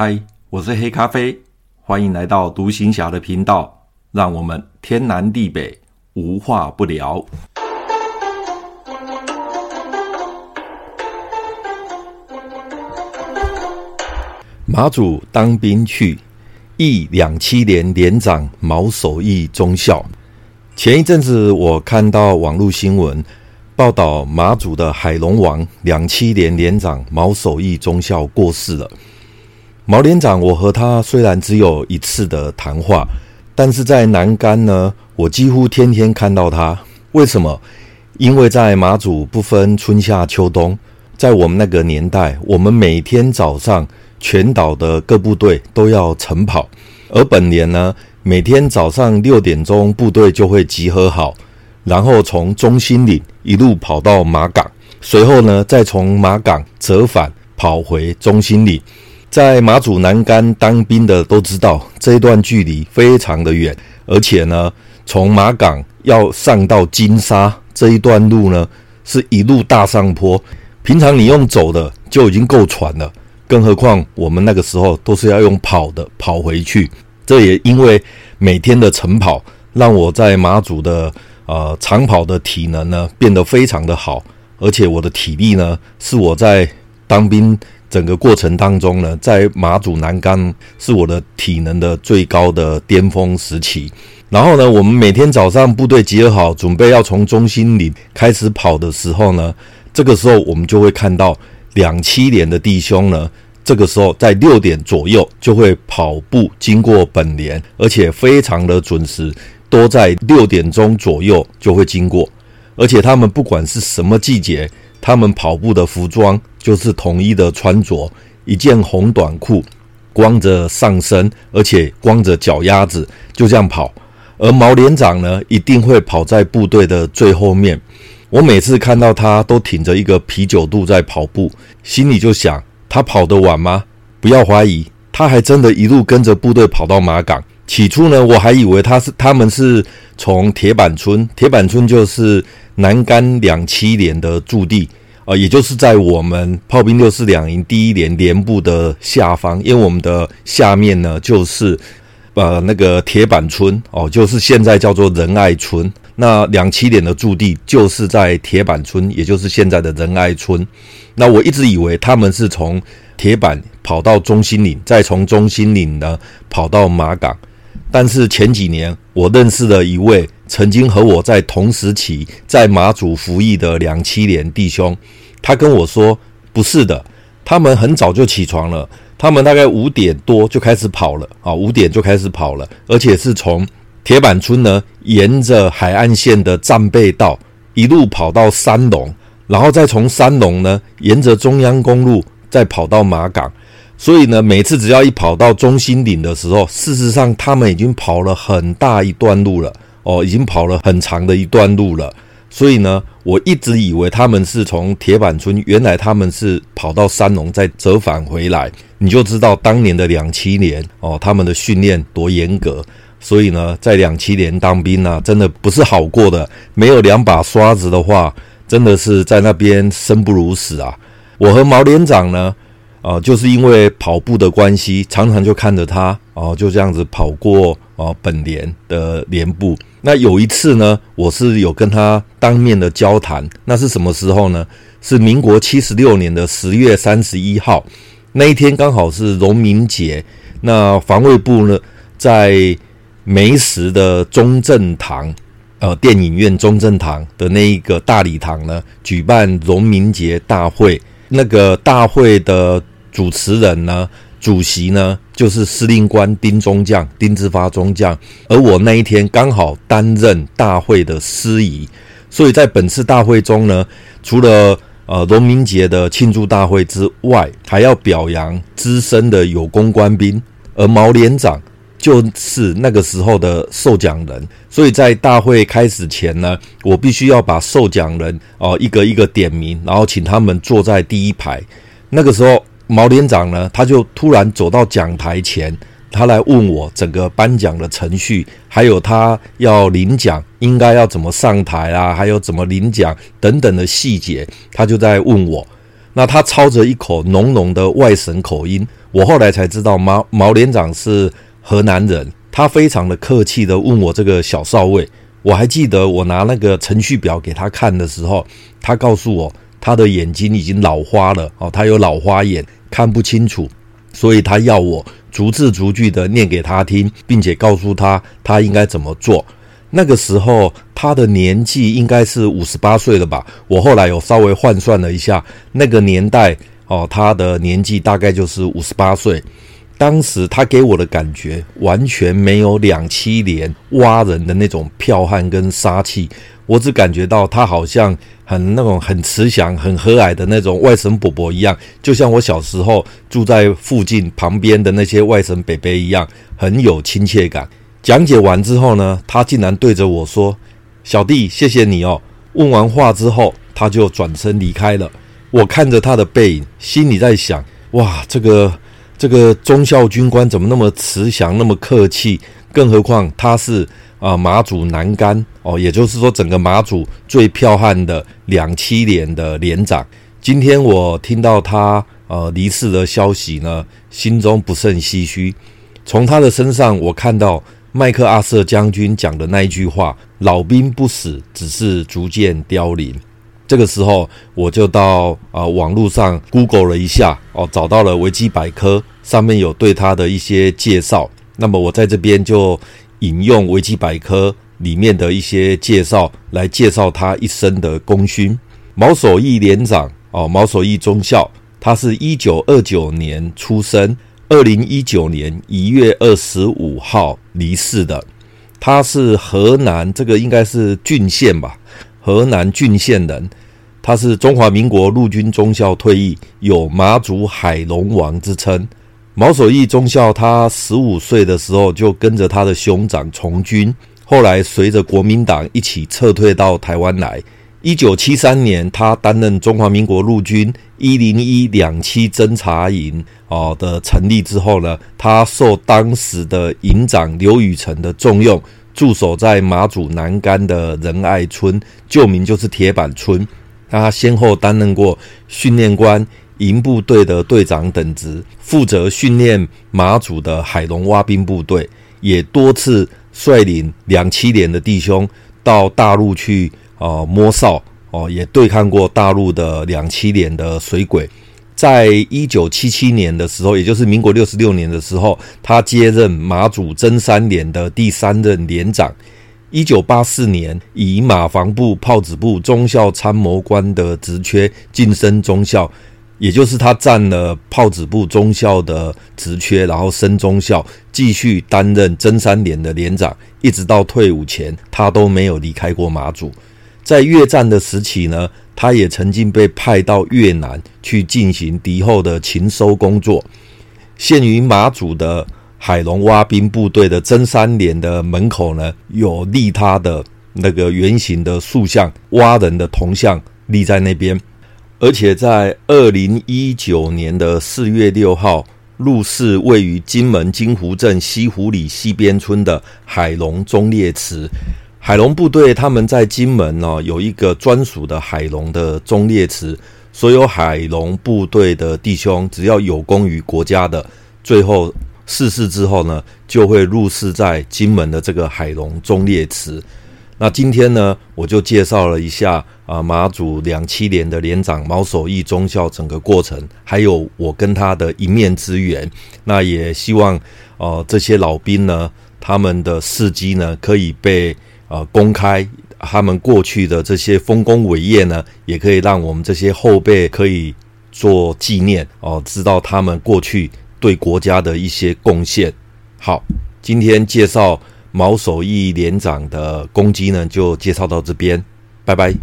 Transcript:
嗨，Hi, 我是黑咖啡，歡迎來到讀行俠的頻道，讓我們天南地北無話不聊。馬祖當兵趣，憶兩棲連連長毛守義中校。前一陣子我看到網絡新聞報道，馬祖的海龍王兩棲連連長毛守義中校過世了。毛連長，我和他雖然只有一次的談話，但是在南竿呢，我幾乎天天看到他。為什麼？因為在馬祖不分春夏秋冬，在我們那個年代，我們每天早上全島的各部隊都要晨跑，而本連呢，每天早上六點鐘，部隊就會集合好，然後從中心嶺一路跑到馬港，隨後呢，再從馬港折返跑回中心嶺。在馬祖南竿當兵的都知道，這一段距離非常的遠，而且呢，從馬港要上到金沙這一段路呢，是一路大上坡。平常你用走的就已經夠喘了，更何況我們那個時候都是要用跑的跑回去。這也因為每天的晨跑，讓我在馬祖的呃長跑的體能呢變得非常的好，而且我的體力呢是我在當兵，整個過程當中呢，在馬祖南竿是我的體能的最高的巔峰時期。然後呢，我們每天早上部隊集合好，準備要從中心裡開始跑的時候呢，這個時候我們就會看到兩棲連的弟兄呢，這個時候在六點左右就會跑步經過本連，而且非常的準時，都在六點鐘左右就會經過，而且他們不管是什麼季節，他們跑步的服裝就是統一的穿着，一件紅短褲，光着上身，而且光着腳丫子，就這樣跑。而毛連長呢，一定會跑在部隊的最後面。我每次看到他，都挺着一個啤酒肚在跑步，心裡就想，他跑得晚嗎？不要懷疑，他還真的一路跟着部隊跑到馬港。起初呢，我還以為他是他們是從鐵板村，鐵板村就是。南竿兩棲連的駐地啊、呃，也就是在我們炮兵六四兩營第一連連部的下方，因為我們的下面呢就是，呃那個鐵板村哦、呃，就是現在叫做仁愛村。那兩棲連的駐地就是在鐵板村，也就是現在的仁愛村。那我一直以為他們是從鐵板跑到中心嶺，再從中心嶺呢跑到馬港，但是前幾年我認識了一位。曾經和我在同時期在馬祖服役的兩棲連弟兄，他跟我說：“不是的，他們很早就起床了，他們大概五點多就開始跑了啊，五點就開始跑了，而且是從鐵板村呢沿着海岸線的戰備道一路跑到山隴，然後再從山隴呢沿着中央公路再跑到馬港，所以呢每次只要一跑到中心頂的時候，事實上他們已經跑了很大一段路了。”哦，已經跑了很長的一段路了，所以呢，我一直以為他們是從鐵板村，原來他們是跑到山隴再折返回來。你就知道當年的兩棲連哦，他們的訓練多嚴格。所以呢，在兩棲連當兵呢、啊，真的不是好過的。沒有兩把刷子的話，真的是在那邊生不如死啊。我和毛連長呢，啊、呃，就是因為跑步的關係，常常就看着他，啊、呃，就這樣子跑過啊、呃、本連的連部。那有一次呢，我是有跟他當面的交談。那是什麼時候呢？是民國七十六年的十月三十一號，那一天剛好是榮民節。那防衛部呢，在梅石的中正堂，呃，電影院中正堂的那一個大禮堂呢，舉辦榮民節大會。那個大會的主持人呢？主席呢，就是司令官丁中將、丁之發中將，而我那一天剛好擔任大會的司儀，所以在本次大會中呢，除了呃榮民節的慶祝大會之外，還要表揚資深的有功官兵，而毛連長就是那個時候的受獎人，所以在大會開始前呢，我必須要把受獎人哦、呃、一個一個點名，然後請他們坐在第一排，那個時候。毛連長呢，他就突然走到講台前，他來問我整個頒獎的程序，還有他要領獎應該要怎麼上台啊，還有怎麼領獎等等的細節，他就在問我。那他操着一口濃濃的外省口音，我後來才知道毛毛連長是河南人。他非常的客氣地問我這個小少尉，我還記得我拿那個程序表給他看的時候，他告訴我。他的眼睛已經老花了哦，他有老花眼，看不清楚，所以他要我逐字逐句地念給他聽，並且告訴他他應該怎麼做。那個時候他的年紀應該是五十八歲了吧？我後來有稍微換算了一下，那個年代哦，他的年紀大概就是五十八歲。當時他給我的感覺完全沒有兩棲連蛙人的那種剽悍跟殺氣，我只感覺到他好像很那種很慈祥、很和藹的那種外省伯伯一樣，就像我小時候住在附近旁邊的那些外省伯伯一樣，很有親切感。講解完之後呢，他竟然對着我說：“小弟，謝謝你哦。”問完話之後，他就轉身離開了。我看着他的背影，心裡在想：“哇，這個。”這個中校軍官怎麼那麼慈祥、那麼客氣？更何況他是啊、呃、馬祖南干哦，也就是說整個馬祖最彪悍的兩棲連的連長。今天我聽到他呃離世的消息呢，心中不勝唏噓。從他的身上，我看到麥克阿瑟將軍講的那一句話：“老兵不死，只是逐漸凋零。”這個時候，我就到啊網絡上 Google 了一下哦，找到了維基百科上面有對他的一些介紹。那麼我在這邊就引用維基百科裡面的一些介紹來介紹他一生的功勳。毛守義連長哦，毛守義中校，他是一九二九年出生，二零一九年一月二十五號離世的。他是河南，這個應該是浚縣吧。河南浚縣人，他是中華民國陸軍中校退役，有“馬祖海龍王”之稱。毛守義中校，他十五歲的時候就跟着他的兄長從軍，後來隨着國民黨一起撤退到台灣來。一九七三年，他擔任中華民國陸軍一零一兩棲偵察營哦的成立之後呢，他受當時的營長劉宇成的重用。駐守在馬祖南竿的仁愛村，舊名就是鐵板村。他先後擔任過訓練官、營部隊的隊長等職，負責訓練馬祖的海龍蛙兵部隊，也多次率領兩棲連的弟兄到大陸去哦摸哨哦，也對抗過大陸的兩棲連的水鬼。在一九七七年的時候，也就是民國六十六年的時候，他接任馬祖偵三連的第三任連長。一九八四年，以馬防部砲指部中校參謀官的職缺晉升中校，也就是他佔了砲指部中校的職缺，然後升中校，繼續擔任偵三連的連長，一直到退伍前，他都沒有離開過馬祖。在越戰的時期呢，他也曾經被派到越南去進行敵後的情蒐工作。現於馬祖的海龍蛙兵部隊的真三連的門口呢，有立他的那個圓形的塑像，蛙人的銅像立在那邊。而且在二零一九年的四月六號，入祀位於金門金湖鎮西湖里西邊村的海龍忠烈祠。海龍部隊他們在金門呢、啊，有一個專屬的海龍的忠烈祠，所有海龍部隊的弟兄，只要有功於國家的，最後逝世之後呢，就會入祀在金門的這個海龍忠烈祠。那今天呢，我就介紹了一下啊，馬祖兩棲連的連長毛守義中校整個過程，還有我跟他的一面之緣。那也希望哦、啊，這些老兵呢，他們的事蹟呢，可以被。呃，公開他們過去的這些豐功偉業呢，也可以讓我們這些後輩可以做紀念哦、呃，知道他們過去對國家的一些貢獻。好，今天介紹毛守義連長的攻擊呢，就介紹到這邊，拜拜。